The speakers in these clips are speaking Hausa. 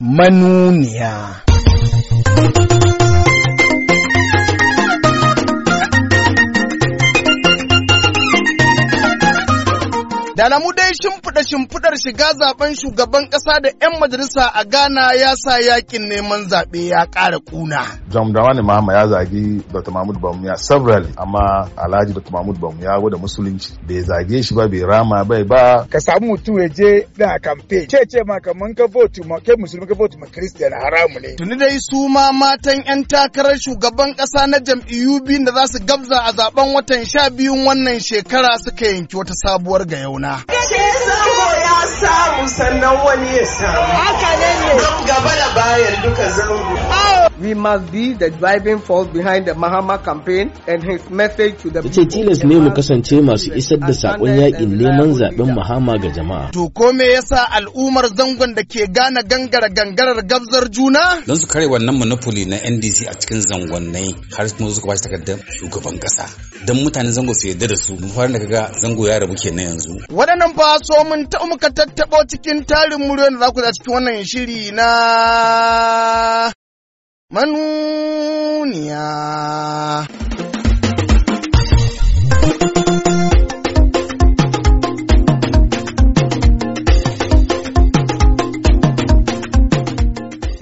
manuniya. Da alamu dai shimfiɗa shimfiɗar shiga zaben shugaban ƙasa da 'yan majalisa a Ghana ya sa yakin neman zaɓe ya ƙara ƙuna. Jamdawa ne Mahama ya zagi Dr. Mahmud Bamiya several amma Alhaji Dr. Mahmud Bamiya da musulunci bai zage shi ba bai rama bai ba. Ka samu mutum ya je na kamfe ce ce ma kaman ka vote ma kai musulmi ka vote ma Christian haramu ne. Tuni dai su ma matan 'yan takarar shugaban ƙasa na jam'iyyu biyun da za su gabza a zaben watan sha biyun wannan shekara suka yanki wata sabuwar ga yauna. ya samu sannan wani ya samu. Haka ne. Don gaba da bayan duka zango. We must be the driving force behind the Mahama campaign and his message to the people. tilas ne mu kasance masu isar da sakon yakin neman zaben Mahama ga jama'a. To ko me yasa al'ummar zangon da ke gane gangara gangarar gabzar juna? Don su kare wannan monopoly na NDC a cikin zangonnai har mu suka bashi takardar shugaban kasa. Don mutanen zango su yadda da su mu fara da ga zango ya rabu ke kenan yanzu. Waɗannan ba so mun ta muka tattaɓo cikin tarin muryoyin da za ku za cikin wannan shiri na manuniya.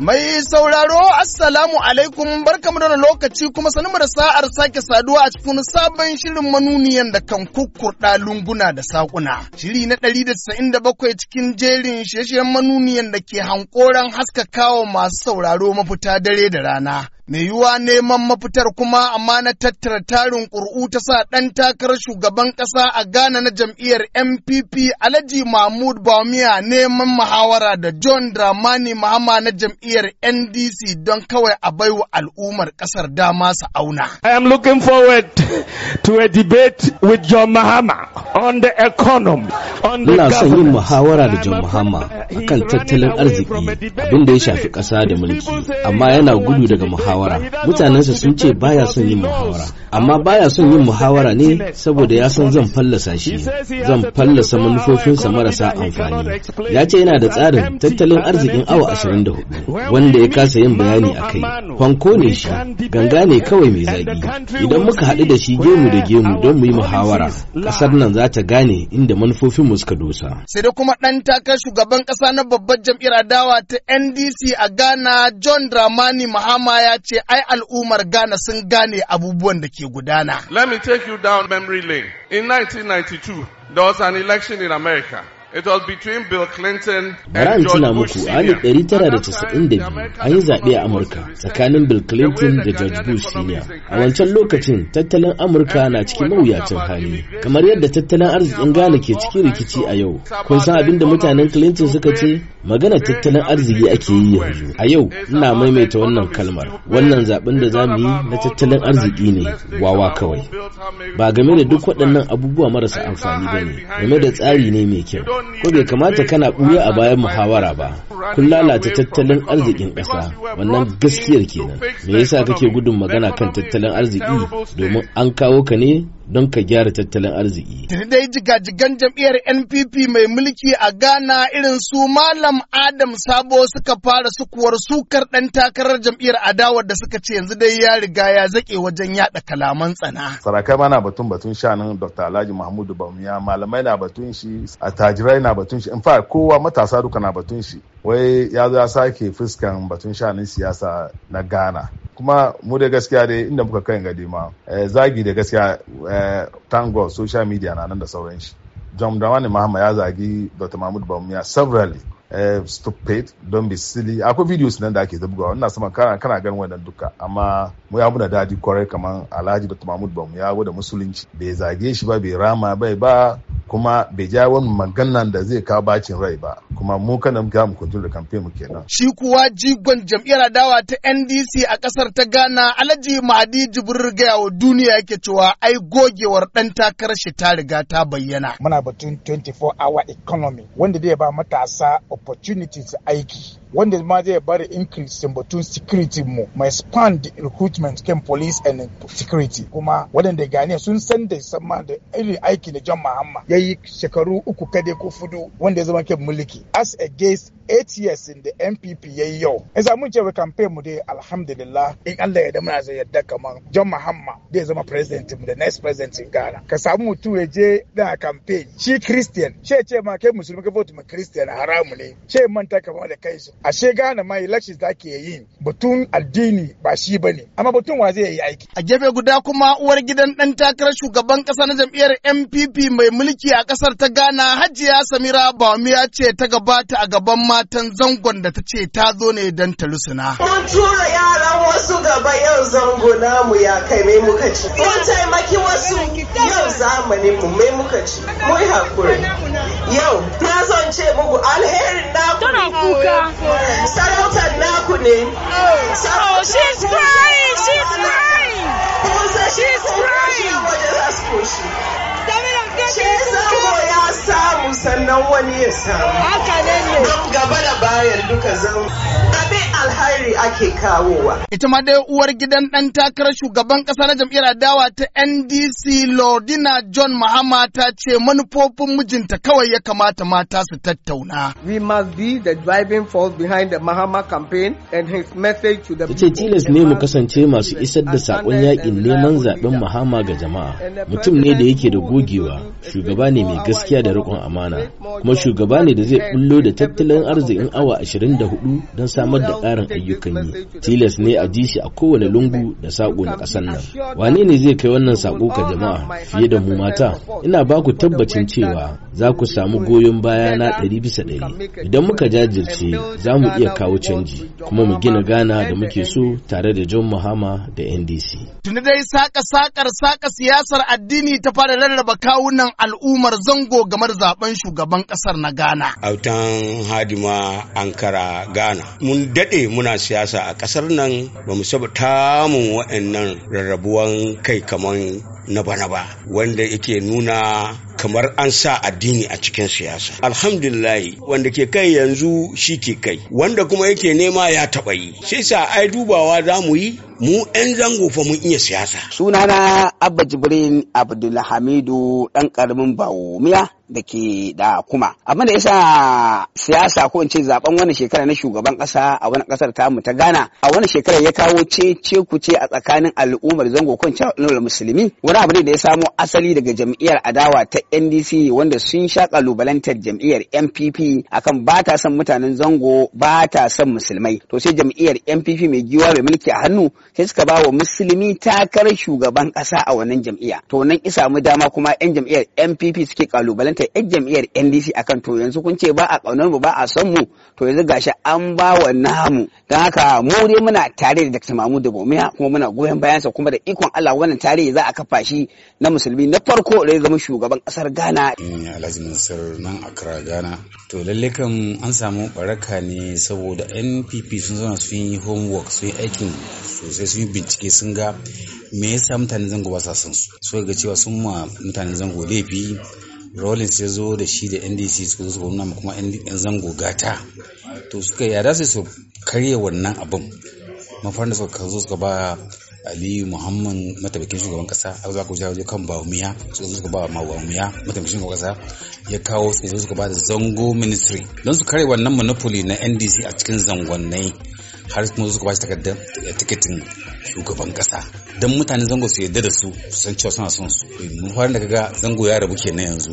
Mai sauraro Assalamu alaikum barkamu da lokaci kuma sanmu da sa'ar sake saduwa a cikin sabon shirin manuniyan da kan kukkurɗa lunguna da saƙuna. Shiri na ɗari da da bakwai cikin jerin shirye-shiryen manuniyan da ke hankoran haskakawa masu sauraro mafita dare da rana. mai yiwuwa neman mafitar kuma amma na tattara tarin ƙur'u ta sa ɗan takarar shugaban ƙasa a Ghana na jam'iyyar MPP Alhaji Mahmud Bawumia neman muhawara da John Dramani Mahama na jam'iyyar NDC don kawai a baiwa al'ummar ƙasar dama su auna. I am looking forward to a debate with John Mahama on the economy. Ina son yin muhawara da John Mahama akan tattalin arziki abinda ya shafi ƙasa da mulki amma yana gudu daga muhawara. muhawara mutanensa sun ce baya son yin muhawara amma baya son yin muhawara ne saboda ya san zan fallasa shi zan fallasa manufofinsa marasa amfani ya ce yana da tsarin tattalin arzikin awa 24 wanda ya kasa yin bayani a kai fanko ne shi ganga ne kawai mai zaƙi idan muka haɗu da shi gemu da gemu don muyi muhawara ƙasar nan za ta gane inda manufofinmu suka dosa sai da kuma ɗan takar shugaban ƙasa na babbar jam'iyyar adawa ta ndc a ghana john dramani mahama ya ce ai al'ummar Ghana sun gane abubuwan da ke gudana. Let me take you down memory lane. In 1992, there was an election in America. Bara in tuna muku a 1992 an yi zaɓe a Amurka tsakanin Bill Clinton da George Bush Sr. A wancan lokacin tattalin Amurka na cikin mawuyacin hali. Kamar yadda tattalin arzikin Ghana ke cikin rikici a yau. Kun san abin da mutanen Clinton suka ce? Magana tattalin arziki ake yi yanzu. A yau ina maimaita wannan kalmar. Wannan zaɓen da za mu yi na tattalin arziki ne wawa kawai. Ba game da duk waɗannan abubuwa marasa amfani ba ne. Game da tsari ne mai kyau. ko bai kamata kana ɓuya a bayan muhawara ba kun lalata tattalin arzikin ƙasa wannan gaskiyar kenan me yasa kake gudun magana kan tattalin arziki domin an kawo ka ne don ka gyara tattalin arziki. Dai jigajigan jam'iyyar NPP mai mulki a Ghana irin su Malam Adam Sabo suka fara sukuwar sukar ɗan takarar jam'iyyar adawar da suka ce yanzu dai ya riga ya zaƙe wajen yaɗa kalaman tsana. Sarakai ma na batun batun shanin Dr. Alhaji Mahmudu Bamiya malamai na batun shi attajirai na batun shi in fa kowa matasa duka na batun shi wai ya zo ya sake fuskan batun shanin siyasa na Ghana. kuma mu da gaskiya dai inda muka kan gadi ma eh, zagi da gaskiya eh, tango social media na nan da sauran shi john dawani mahama ya zagi dr mahmud bamiya severally eh, stupid don be silly akwai videos nan da ake zabgawa ina sama kana kana ganin wannan duka amma mu ya muna dadi kwarai kamar alhaji dr mahmud bamiya wada musulunci bai zage shi ba bai rama bai ba kuma bai ja wani maganan da zai kawo bacin rai ba kuma mu kana ga mu da kamfe mu kenan shi kuwa jigon jam'iyyar adawa ta NDC a kasar ta Ghana Alhaji Mahdi Jibril ga wa duniya yake cewa ai gogewar dan takarar shi ta riga ta bayyana muna batun 24 hour economy wanda zai ba matasa opportunities aiki wanda ma zai bada increase batun security mu mai expand recruitment kan police and security kuma waɗanda gane sun san da sama da irin aiki na John Mahama ya yi shekaru uku kade ko fudu wanda ya zama kan mulki as against 8 years in the NPP ya yi yau. Isa mun cewa campaign mu dai alhamdulillah in Allah ya da muna yadda kamar John Mahama zai zama president mu da next president in Ghana. Ka samu mutum ya je da campaign shi Christian she ce ma kai musulmi ka vote ma Christian haramu ne. She manta kamar da kai su ashe gane ma elections da ake yi batun addini ba shi ba ne amma batun wa zai yi aiki a gefe guda kuma uwar gidan dan takarar shugaban kasa na jam'iyyar MPP mai mulki a kasar ta Ghana Hajiya Samira ya ce ta gabata a gaban matan zangon da ta ce ta zo ne don ta lusuna mun tura yaran wasu gaba yau zango namu ya kai mai muka ci mun taimaki wasu yau zamanin mu mai muka ci mun hakuri yau na zance muku alherin na kuka sarautar naku ne oh she's crying she's crying she's crying ce samu sannan wani ya samu don gaba da bayan duka zango alhairi ake kawowa ita ma dai uwar gidan dan takarar shugaban ƙasa na jam'iyyar adawa ta NDC Lordina John Mahama ta ce manufofin mijinta kawai ya kamata mata su tattauna we must be the driving force behind the Mahama campaign and his message to the people tilas ne mu kasance masu isar da saƙon yaƙin neman zaɓen Mahama ga jama'a mutum ne da yake da gogewa shugaba ne mai gaskiya da rikon amana kuma shugaba ne da zai bullo da tattalin arzikin awa 24 don samar da ƙarin ayyukan yi tilas ne a ji shi a kowane lungu da saƙo na ƙasar nan wane ne zai kai wannan sako ka jama'a fiye da mu mata ina ba ku tabbacin cewa za ku samu goyon baya na ɗari bisa ɗari idan muka jajirce za mu iya kawo canji kuma mu gina gana da muke so tare da john mahama da ndc tuni dai saka sakar saka siyasar addini ta fara rarraba kawunan wannan al'ummar zango game da zaben shugaban kasar na Ghana. Autan Hadima Ankara Ghana. Mun dade muna siyasa a kasar nan ba mu saba tamun waɗannan rarrabuwan kai kamar na bana ba wanda yake nuna kamar an sa addini a cikin siyasa alhamdulillahi wanda ke kai yanzu shi ke kai wanda kuma yake nema ya taɓa yi sai sa ai dubawa za mu yi mu 'yan zango fa mun iya siyasa sunana abba jibrin abdulhamidu ɗan ƙaramin bawo miya da ke da kuma abin da yasa siyasa ko in ce zaben wani shekara na shugaban kasa a wani kasar tamu ta Ghana a wani shekara ya kawo ce ce ku ce a tsakanin al'ummar zango kan cewa musulmi wani abu ne da ya samo asali daga jam'iyyar adawa ta NDC wanda sun sha kalubalantar jam'iyyar MPP akan ba ta son mutanen zango ba ta son musulmai to sai jam'iyyar MPP mai giwa mai mulki a hannu sai suka ba wa musulmi takarar shugaban kasa a wannan jam'iyya to nan isa mu dama kuma 'yan jam'iyyar MPP suke kalubalantar ta yan jam'iyyar NDC akan to yanzu kun ce ba a kaunar mu ba a son mu to yanzu gashi an ba wa namu don haka mu dai muna tare da Dr. Mahmud da Gomiya kuma muna goyon bayansa kuma da ikon Allah wannan tare za a kafa shi na musulmi na farko da ya zama shugaban kasar Ghana. Mm, Alhaji sir nan Accra Ghana. To lalle kan an samu baraka ne saboda NPP sun zauna sun yi homework sun yi aikin sosai sun yi bincike sun ga me yasa mutanen zango ba sa son su. So ga cewa sun ma mutanen zango laifi rollins ya zo da shi da ndc su zo su gwamna kuma yan zango gata to suka yada sai su karya wannan abin mafarin da suka zo suka ba aliyu muhammad matabakin shugaban kasa a za ku ja waje kan bawumiya su zo suka ba ma bawumiya matabakin shugaban kasa ya kawo su zo suka ba da zango ministry don su karye wannan monopoly na ndc a cikin zangonnai har kuma suka ba shi takardar eh, tiketin shugaban kasa don mutanen zango su yarda da su san cewa suna son su mun fara da kaga zango ya rabu kenan yanzu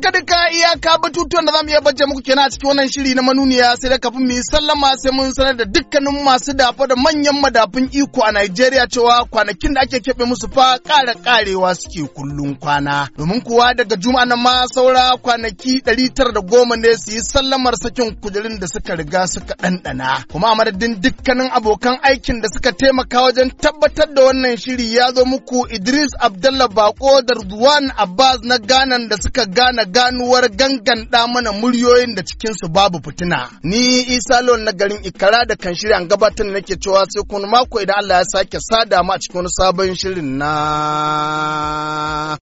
to duka iyaka batutuwan da zamu iya bace muku kenan a cikin wannan shiri na manuniya sai da kafin mu yi sallama sai mun sanar da dukkanin masu dafa da manyan madafun iko a Najeriya cewa kwanakin da ake keɓe musu fa ƙara ƙarewa suke kullun kwana. Domin kuwa daga juma'a na ma saura kwanaki ɗari tara da goma ne su yi sallamar sakin kujerin da suka riga suka ɗanɗana. Kuma a madadin dukkanin abokan aikin da suka taimaka wajen tabbatar da wannan shiri ya zo muku Idris Abdallah Bako da Ruwan Abbas na Ghana da suka gane ganuwar ganganda mana muryoyin da cikinsu babu fitina. Ni Isa Lon na garin Ikara da kan shirya An gabatar da nake cewa sai kun mako idan Allah ya sake sada mu a cikin wani sabon shirin na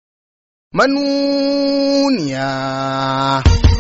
manuniya.